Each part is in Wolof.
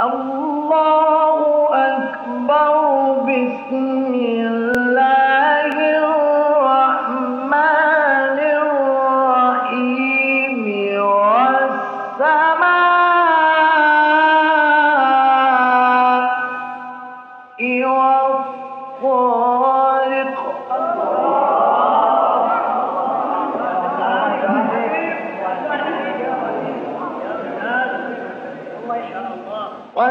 الله أكبر بسم الله mooy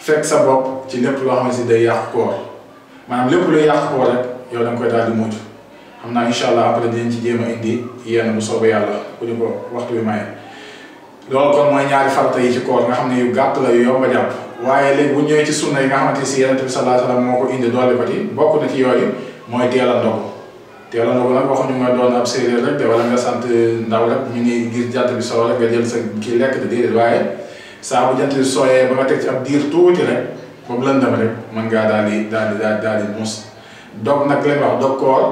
fekk sa bopp ci lépp loo xamante ni day yàq koor maanaam lépp luy yàq koor rek yow da nga koy daal di mujj xam naa incha allah après dinañ ci jéem a indi yenn bu soobee yàlla ku ñu ko waxtu bi maye. loolu kon mooy ñaari farata yi ci koor nga xam ne yu gàtt la yu yomb a jàpp waaye léegi bu ñëwee ci sunna yi nga xamante si yonent bi sallallahu alayhi wa sallam moo ko indi doole ko ci bokk na ci moy téla ndog téla ndog nak waxu ñu waxuñu doon ab séeréer rek té wala nga sant ndaw rek ñu ni gis jatt bi solo rek nga jël sa ki lek de déedéet waye sa bu jatt bi soyé ba nga tek ci ab diir tuuti rek boobu lëndam rek man nga daal di daal di daal di muus dog nak lay wax dog koor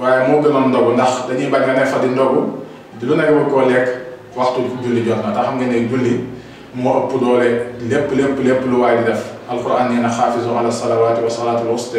waye mo gënoon ndog ndax dañuy bañ nga ne fa di ndog di lu nekk ko lek waxtu ci julli jot na tax xam nga ne julli mo ëpp doole lépp lépp lépp lu waay di def القرآن nee na xaafisu ala salawaati wa salaatul wusta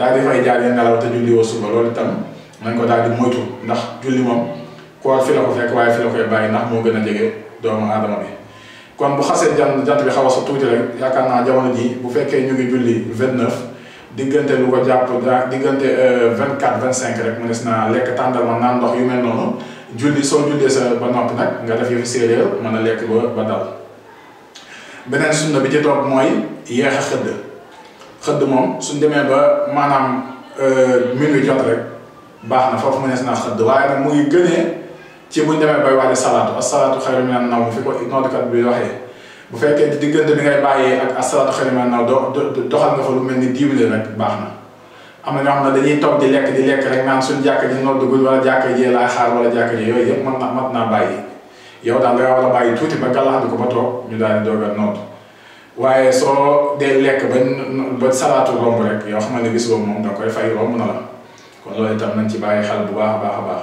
daal di fay jaar yi nelaw te julli woo suba loolu itam nañ ko daal di moytu ndax julli moom koor fi la ko fekk waaye fi la koy bàyyi ndax moo gën a jege doomu aadama bi kon bu xasee jant jant bi xaw a sa tuuti rek yaakaar naa jamono ji bu fekkee ñu ngi julli vingt neuf diggante lu ko jàpp diggante euh, vingt quatre vingt cinq rek mu des naa lekk tàndarma naan ndox yu mel noonu julli soo jullee sa ba noppi nag nga def séeréer mën a lekk ba dal beneen sunna xëdd moom suñ demee ba maanaam euh, minuit jot rek baax na foofu mënees naa xëdd waaye nag muy gënee ci buñ demee bay waale salaatu asalaatu xayru minan nawm fi ko noddkat bu fekkee diggante bi ngay bàyyee ak asalaatu xayru minan nawm do doxal nga fa lu mel ni dix minutes baax na am na ñoo xam ne dañuy toog di lekk di lekk rek naan suñ jàkk ji noddugul wala jàkk ji laay xaar wala jàkk ji yooyu yëpp mën mat naa bàyyi yow daal a tuuti ba gàllax ko ba ñu daal di waaye soo dee lekk ba ba salaatu romb rek yoo xam ne gisoo moom da koy fay romb na la kon loolu itam nañ ci bàyyi xel bu baax a baax a baax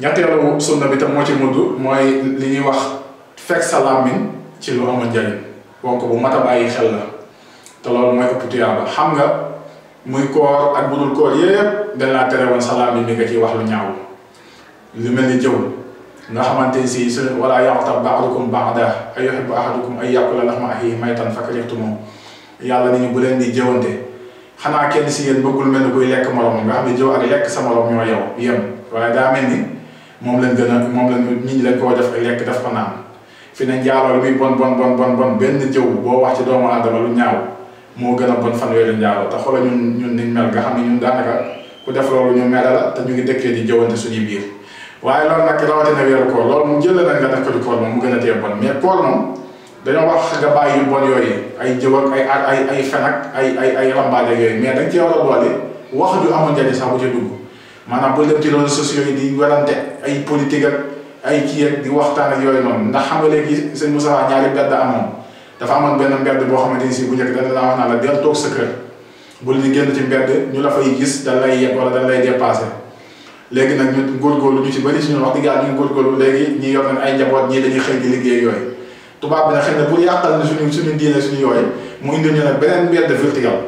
ñetteelu sunna bi tam moo ci mudd mooy li ñuy wax fekk sa làmmiñ ci lu amul njariñ wonk bu mat a bàyyi xel la te loolu mooy ëpp tuyaaba xam nga muy koor ak budul koor yépp dañ laa tere woon sa làmmiñ mi nga ciy wax lu ñaaw lu mel ni jëw نحو من ولا يعتب بعضكم بعدا أي يحب أحدكم أي يأكل لحم أخيه ميتا فكرهتموه يا الله بولين دي جون دي كين سي ين بوكول من بو ليك مالوم غا خامي جو اك ليك سا مالوم ньо ياو يم واي دا ملني موم لن گنا موم لن نيت لن كو داف ليك داف فا نان نعم. في نان جالو بون بون بون بون بون بن جو بو واخ سي دوما ادم لو نياو مو گنا بون فان ويلو نياو تا خولا نيون نيون نين مل غا خامي نيون دا نكا كو داف لولو نيو ميدالا تا نيغي دكي دي جوونتي سوني بير waaye loolu nag rawatina weeru koor loolu mu jël na nga def ko ci koor moom mu gën a tee bon mais koor moom dañoo wax nga bàyyi bon yooyu ay jëw ak ay ay ay fen ak ay ay ay rambaale yooyu mais dañ a boole wax ju amul njëriñ sax bu ca dugg maanaam bu dem ci réseaux sociaux yi di werante ay politique ak ay kii ak di waxtaan ak yooyu noonu ndax xam nga léegi sëñ Moussa ñaari mbedd amoon dafa amoon benn mbedd boo xamante ni si bu njëkk dana laa wax naa la del toog sa kër bul di génn ci mbedd ñu la fay gis dañ lay yeb wala dañ lay dépassé léegi nag ñu góorgóorlu ñu ci bëri si ñun wax dëgg yàlla ñu ngi góorgóorlu léegi ñi yor nañ ay njaboot ñii dañuy xëy di liggéey yooyu tubaab bi nag xëy na pour yàqal na suñu suñu diine suñu yooyu mu indi ñu nag beneen mbedd vertical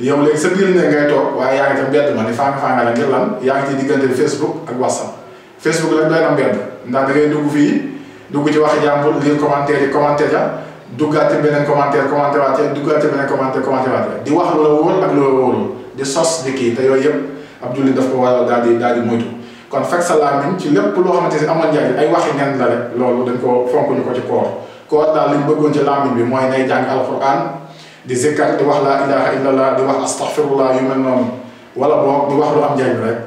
yow léegi sa biir ne ngay toog waaye yaa ngi tam mbedd ma ni fanga fanga la ngir lan yaa ngi ci diggante Facebook ak WhatsApp Facebook rek doy na mbedd ndax da ngay dugg fii dugg ci waxi jàmbur lire commentaire yi commentaire la duggaat ci beneen commentaire commentaire waate duggaat ci beneen commentaire commentaire waate di wax lu la wóor ak lu la wóorul di sos di kii te yooyu yëpp ab jullit daf ko waral daal di daal di kon fekk sa làmmiñ ci lépp loo xamante ni amal njariñ ay waxi nen la rek loolu dañ ko fonk ñu ko ci koor koor daal liñ bëggoon ci làmmiñ bi mooy di zikkar wax laa ilaha illallah di wax astaghfirullah yu mel noonu wala boog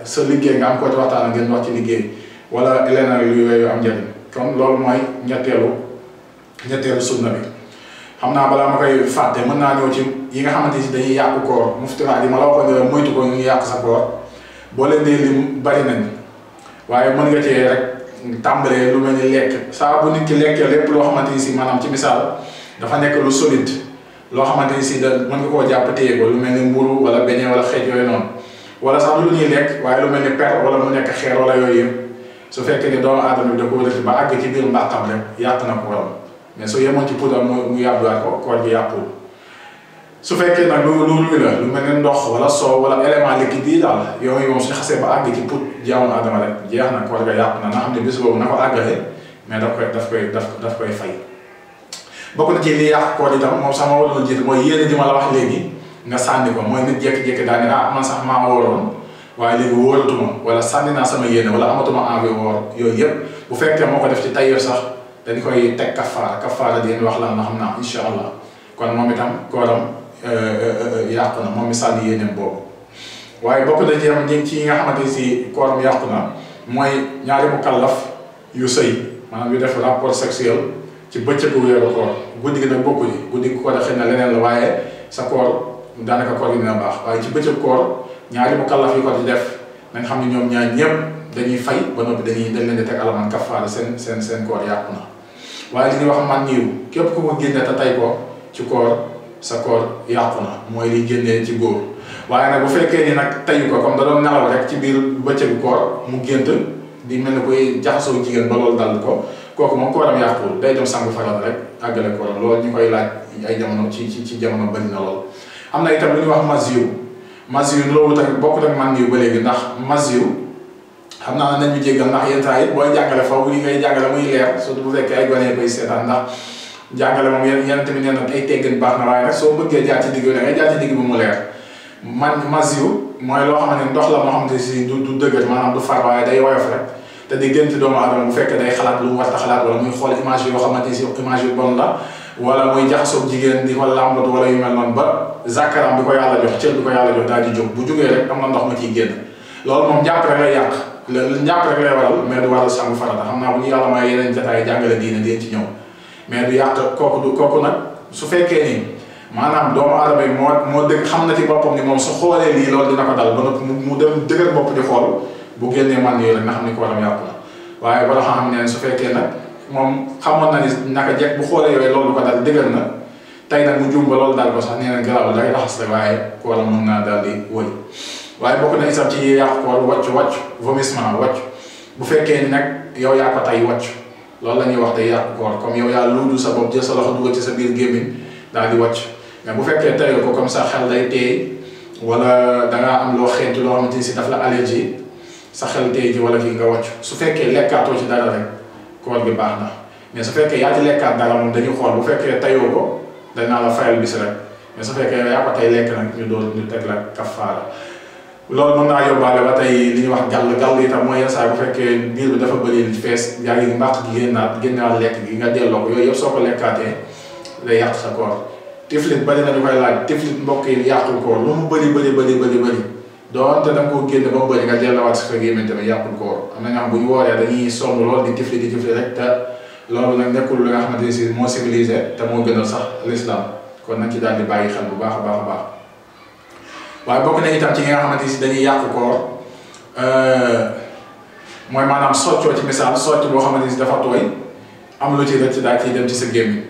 sa liggéey nga am ko ci waxtaan liggéey wala leneen lu yooyu am njariñ kon loolu mooy ñetteelu ñetteelu sunna bi xam naa balaa ma koy fàtte mën naa ñëw ci yi nga xamante ni dañuy yàqu koor muftiraa yi ma la waxoon ne moytu ko ñu yàq sa koor boo leen dee lim bari nañ waaye mën nga cee rek tàmbalee lu mel ni lekk saa bu nit ki lekkee lépp loo xamante ni si maanaam ci misaal dafa nekk lu solide loo xamante ni si da mën nga koo jàpp téye ko lu mel ni mburu wala beñe wala xeej yooyu noonu wala sax lu ñuy lekk waaye lu mel ni per wala mu nekk xeer wala yooyu yëpp su fekkee ni doomu aadama bi da koo def ba àgg ci biir mbaaxam rek yàq na ko waram mais su yemoon ci poudre mu yàbbuwaat ko koor bi su fekkee nag lu lu luy la lu mel ne ndox wala soow wala élément liquide yi daal yooyu moom su xasee ba àgg ci pour jaamu Adama rek jeex na koor ga yàpp na na xam ne bis boobu na ko àggale mais daf daf koy daf koy fay. bokk na ci li yàq koor itam moom sax ma waroon a jiite mooy yéene ji ma la wax léegi nga sànni ko mooy nit jékki-jékki daa ne ah man sax maa wóoroon waaye léegi wóoratuma bu fekkee moo ko def ci tayeer sax dañ koy teg kafaara kafaara di leen wax lan la naa incha allah kon moom Euh, euh, yàqu na moom misaal yi yéeneem boobu waaye bokk na jéem ñi ci yi nga xamante si kooram yàqu na mooy ñaari mu kallaf yu sëy maanaam yu def rapport sexuel ci bëccëgu weeru koor guddi gi nag bokku ji guddi gi koor xëy na leneen la waaye sa koor daanaka koor yi dina baax waaye ci bëccëg koor ñaari mu kallaf yu ko di def nañ xam ne ñoom ñaar ñëpp dañuy fay ba noppi dañuy dañ leen di teg alamaan kafaara seen seen seen koor yàqu na waaye li ñuy wax man sa koor yàqu na mooy li génnee ci góor waaye nag bu fekkee ni nag tayu ko comme da doon nelaw rek ci biir bëccëgu koor mu gént di mel ni koy jaxasoo jigéen ba loolu dal ko kooku moom kooram yàquwul day dem sangu faral rek àggale kooram loolu ñu koy laaj ay jamono ci ci ci jamono bëri na lool. am na itam lu ñuy wax masiw masiw loolu tamit bokkut ak man yu ba léegi ndax masiw xam naa nañu jéggal ndax yenn temps yi booy jàngale foofu li ngay jàngale muy leer surtout bu fekkee ay gone koy seetaan ndax. njàngale moom yéen yéen tamit nee na ay teggin baax na waaye nag soo bëggee jaar ci digg bi da ngay jaar ci digg bi mu leer man masiw mooy loo xam ne ndox la moo xam te si du du dëgër maanaam du far waaye day woyof rek te di gént doomu aadama bu fekkee day xalaat lu mu war a xalaat wala muy xool image yoo xamante ni si image yu bon la wala muy jaxasoo jigéen di ko làmbatu wala yu mel noonu ba zakaram bi ko yàlla jox cër bi ko yàlla jox daal di jóg bu jógee rek am na ndox ma ciy génn loolu moom njàpp rek lay yàq njàpp rek lay waral mais du waral sangu farata xam naa bu ñu yàlla may yeneen jataay jàngale diine dee ci ñëw mais du yàq kooku du kooku nag su fekkee ni maanaam doomu aadama yi moo moo dëgg xam na ci boppam ni moom su xoolee lii loolu dina ko dal ba noppi mu dem dëgër bopp di xool bu génnee man yooyu xam ni ko waram yàqu la waaye bala xam xam ne su fekkee nag moom xamoon na ni naka jekk bu xoolee yooyu loolu ko dal dëgër na tey nag mu jum ba loolu daal ko sax nee na garaaw da ngay raxas rek waaye kooram mën naa daal di wëy waaye bokk na itam ci yàq koor wàcc wàcc vomissement wàcc bu fekkee ni nag yow yaa ko tey wàcc loolu la ñuy wax day yàq koor comme yow yaa luudu sa bopp jël sa loxo dugal ci sa biir gémmiñ daal di wàcc mais bu fekkee tayal ko comme ça xel day teey wala dangaa am loo xeeti loo xamante ni si daf la allergie sa xel teey ji wala kii nga wàcc su fekkee lekkaatoo ci dara rek koor gi baax na mais su fekkee yaa ci lekkaat dara moom dañu xool bu fekkee tayoo ko danaa la fayal bis rek mais su fekkee yaa ko tey lekk nag ñu doon ñu teg la kafaara loolu mën naa yóbbaale ba tey li ñu wax gàll gàll itam mooy yenn saa bu fekkee biir bi dafa bëri li fees yaa ngi mbàq gi génnaat génnaat lekk gi nga delloo ko yooyu yëpp soo ko lekkaatee day yàq sa bari nañu koy mbokk yi yàqul koor lu mu bëri bëri bëri bëri bëri doonte da nga ko génn ba mu bëri nga delloowaat si na ñoo xam bu ñu wooree dañuy somb lool di tiflit di tiflit rek te loolu nag nekkul lu nga ne si moo civilisé te moo gënal sax l'islam kon nag ci daal di bàyyi xel bu baax a baax a baax waaye bokk na itam ci nga xamante si dañuy yàq koor euh, mooy maanaam soccoo ci misaal socc boo xamante si dafa tooy am lu ci rëcc daal ci dem ci sa gémmi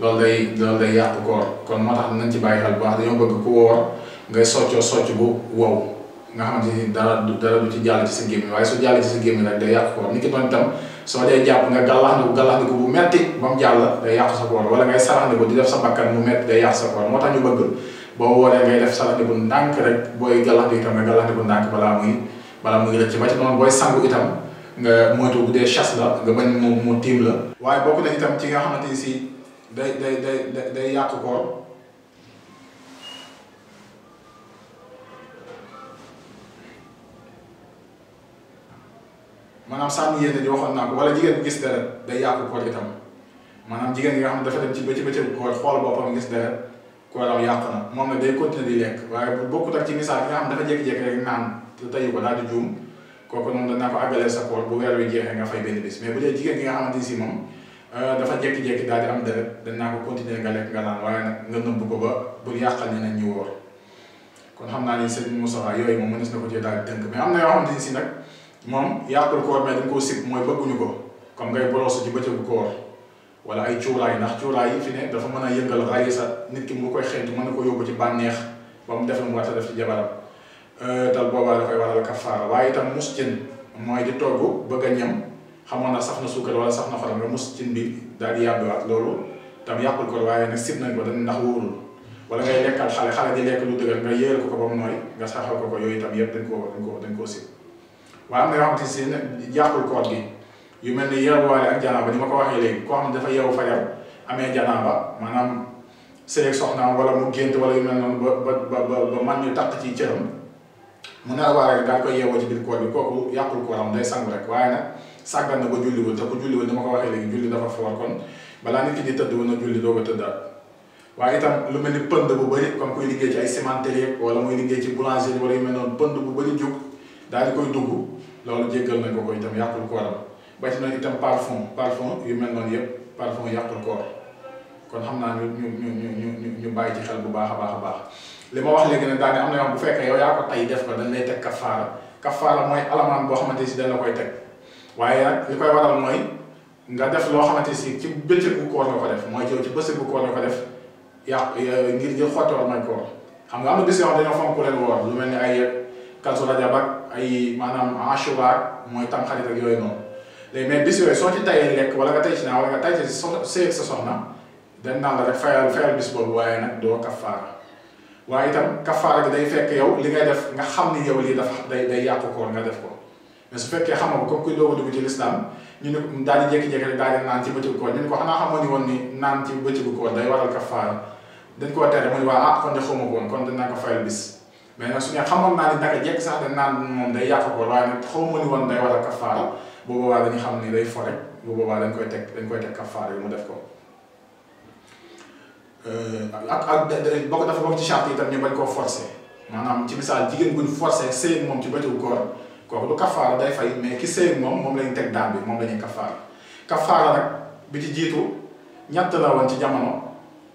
loolu day loolu day yàq koor kon moo tax nañ ci bàyyi xel bu baax dañoo bëgg ku woor ngay soccoo socc bu wow nga xamante ni dara du dara du ci jàll ci sa gémmi waaye su jàll ci sa gémmi rek day yàq koor ni ki doon itam soo dee jàpp nga ni ko bu metti ba mu jàll day yàq sa koor wala ngay sarax ni saraxndiku di def sa bakkan mu metti day yàq sa koor moo tax ñu bëgg boo wooree ngay def salade bu ndànk rek booy galaxte itam nga galaxte bu ndànk balaa muy balaa muy rëcc ba ci noonu booy sangu itam nga moytu bu dee chasse la nga bañ mu mu tiim la. waaye bokk na itam ci nga xamante ni si day day day day wala jigéen gis deret day yàq koor itam maanaam jigéen yi nga xam ne dafa dem ci bëccëg koor xool boppam gis deret ku waraw yàqu na moom ne day continuer di lekk waaye bu bokkut ak ci misaal bi nga xam dafa jékki-jékki rek naan te tayu ko daal di juum kooku noonu danaa ko àggalee sa koor bu weer wi jeexee nga fay benn mais bu dee jigéen gi nga xamante ni si euh, dafa jékki-jékki danaa ko continuer nga lekk nga naan waaye nag nga nëbb ko ba bul yàqal ne nañ ñu kon xam naa ni sëñ Moussa yooyu moom mënees na ko cee daal di tënk mais am na yoo xamante ni si nag moom yàqul koor mais ko comme ngay borosu ci bëccëgu wala ay cuuraay ndax cuuraay yi fi ne dafa mën a yëngal raye sa nit ki mu koy xeeñtu mën na ko yóbbu ci bànneex ba mu def lu mu war a def ci jabaram tal boobaa da koy waral kafaara waaye itam mus cin mooy di togg bëgg a ñam xamoon na sax na suukar wala sax na faram nga mus cin bi daal di yàbbiwaat loolu tam yàqul ko waaye nag sib nañ ko dañ ndax wóorul wala ngay lekkal xale xale di lekk lu dëgër nga yéeral ko ko ba mu nooy nga saxal ko ko yooyu itam yëpp dañ koo dañ koo dañ koo sib waaye am na yoo xam ne si yàqul koor gi yu melni ni yeewuwaale ak janaba ni mako ko waxee ko koo xam dafa yeewu fajar amee janaaba maanaam sëy ak soxna wala mu gënt wala yu mel non ba ba ba ba man ñu tak ci ciëram mu na waa rek daal koy yeewoo ci biir koor bi yaqul ko ram day sang rek wayna sagal na ba julliwul te ku julliwul ni ma ko waxee julli dafa fawal kon bala nit ki di tedd wona julli doo ko tëddaat waaye itam lu melni ni pënd bu bari comme koy liggé ci ay cimenterie wala moy liggé ci boulangerie wala yu mel non pënd bu bari juk dal di koy dugg loolu jéggal na ko ko itam ko ram باش نو ايتام بارفون بارفون يمل نون ييب بارفون ياك الكور كون خمنا نيو نيو نيو نيو نيو نيو باي تي خال بو باخا باخا باخ لي ما واخ ليغي نا داغي امنا يوم بو فيك يو ياكو تاي ديف كو دا نلاي تك كفارا كفارا موي علامان بو خمانتي سي دا نكاي تك وايا ليكاي وادال موي نغا ديف لو خمانتي سي تي بيتي كو كور نكو ديف موي جيو تي بيسي كو كور نكو ديف يا ngir jël xotor may koor xam nga am na décision dañu fonk leen woor lu melni ay kalso radja bak ay manam achuba moy tam xarit ak yoy léegi mais bis yooyu soo ci tayee lekk wala nga tay ci naa wala nga tay ci so sëy ak sa soxna dañ naan la rek fayal fayal bis boobu waaye nag doo kafaara waaye itam kafaara day fekk yow li ngay def nga xam ni yow lii dafa day day yàqu koor nga def ko su fekkee xamoo ko comme kuy doog a dugg ci ñu ne daal di jékki-jékki ci bëccëgu koor ñu ne ko xanaa xamoo ni woon ni naan ci dañ koo tere mu ne waa ah kon de xamoo ko woon kon dañ naa ko fayal bis mais nag su ñu xamoon naa ni naka jekk sax dañ naan moom day yàqu koor waaye nag xamoo ni woon day waral kafaara bu boobaa dañu xam ni day fore bu boobaa dañ koy teg dañ koy teg kafaara yi mu def ko euh, ak ak bokk dafa bokk ci charte yi tam ñu bañ koo forcer maanaam ci misaal jigéen bu ñu forcer sëy moom ci bëtu góor kooku du kafaara day fay mais ki sëy moom moom lañ teg daan bi moom la ñuy kafaara kafaara nag bi ci jiitu ñett la woon ci jamono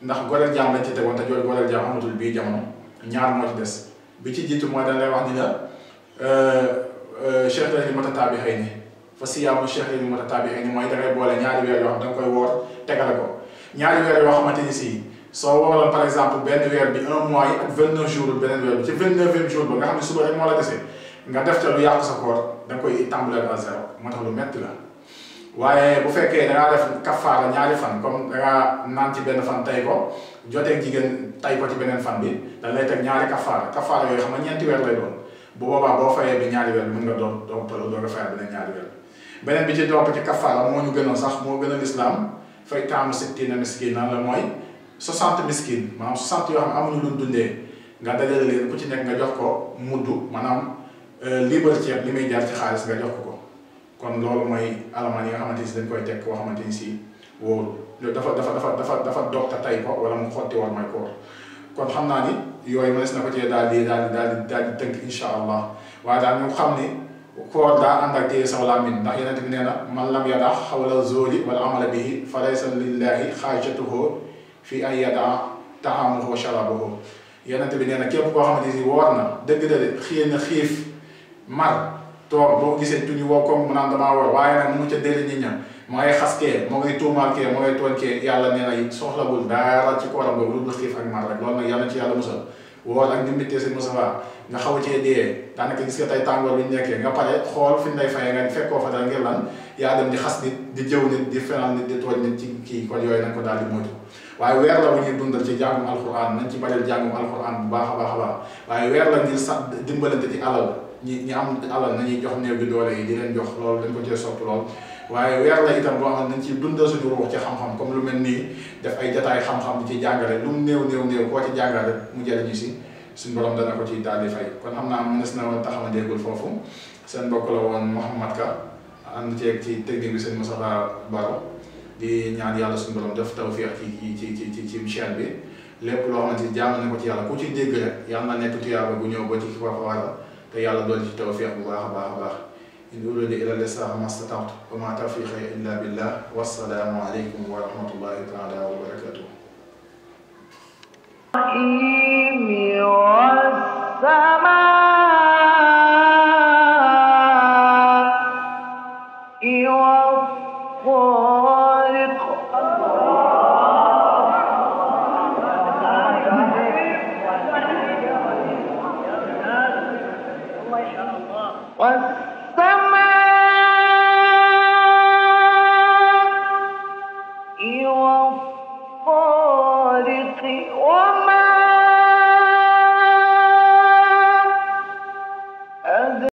ndax goreel jaam lañ ci tegoon te jooju goreel jaam amatul bii jamono ñaar moo ci des bi ci jiitu mooy dañ lay wax ni la euh, euh, cheikh li mata tabi xëy ni fa siyaamu shahrin mutatabi'ayn mooy dangay boole ñaari weer yoo xam danga koy woor tegale ko ñaari weer yoo xamante ni si soo wooroon par exemple benn weer bi un mois yi ak vingt neuf jours beneen weer bi ci vingt neuvième jour ba nga xam ne suba rek moo la dese nga def ca lu yàq sa koor danga koy tàmbalee à zéro moo tax lu metti la waaye bu fekkee dangaa def kafaara ñaari fan comme dangaa naan ci benn fan tay ko joteeg jigéen tay ko ci beneen fan bi da lay teg ñaari kafaara kafaara yooyu xam nga ñeenti weer lay doon bu boobaa boo fayee bi ñaari weer bi nga doon doog toll doo nga fayal beneen ñaari weer beneen bi ci topp ci kafaara moo ñu gën sax moo gën a lislaam fay taamu sittina miskin nan la mooy 60 miskin maanaam 60 yoo xam ne amuñu luñ dundee nga dajale leen ku ci nekk nga jox ko euh, muy jaar ci xaalis nga jox ko kon loolu mooy alamaan yi nga xamante ni koo xamante ni si dafa dafa dafa dafa dafa te tay ko wala mu xotti war kon xam naa ni yooyu mënees na ko cee daal di daal di daal di tënk incha allah waaye daal ñu xam ni كو دا عندك تي سولا من دا ينت نينا من لم يدع حول الزوج والعمل به فليس لله حاجته في اي يدع طعامه وشرابه ينت بنينا كيف كو خامت دي وورنا دغ دغ خينا خيف مار تو بو غيسن توني وو كوم من عندما وور واي نا مو تي ديل نينا موي خاسكي موي تو ماركي موي تونكي يالا نينا سوخلا بول دا تي كورام بول خيف اك مار رك لول نا يالا تي يالا موسل woor ak ni méttee sëñ Moustapha nga xaw a dee daanaka gis nga tey tàngoor bi nekkee nga pare xool fi ñu lay fayee nga fekkoo fa dara ngir lan yaa dem di xas nit di jëw nit di fenal nit di tooñ nit ci kii kon yooyu nañ ko daal di moytu waaye weer la bu dundal ci jàngum alquran nañ ci bareel jàngum alquran bu baax a baax a baax waaye weer la ngir sax dimbalante ci alal ñi ñi am alal nañuy jox néew bi doole yi di leen jox loolu dañ ko cee sopp lool waaye weer la itam boo xam ne nañ ci dundal suñu ruux ci xam-xam comme lu mel nii def ay jataay xam-xam ci jàngale lu mu néew néew néew koo ci jàngale mu jëriñu si suñu borom dana ci daal di fay xam naa mënees na woon taxama seen mbokk la woon Mouhamad Ka ànd ceeg ci technique bi seen Moustapha Baro di ñaan yàlla suñu borom def tawfeex ci ci ci ci ci chaîne bi lépp loo xamante ni jàng na ko ci yàlla ku ci dégg rek yàlla na nekk tuyaaba bu ñëw ba ci kii quoi te yàlla doon ci tawfeex bu baax a baax a baax. إن لي إلى الإصلاح ما استطعت وما توفيقي إلا بالله والسلام عليكم ورحمة الله تعالى وبركاته. والسماء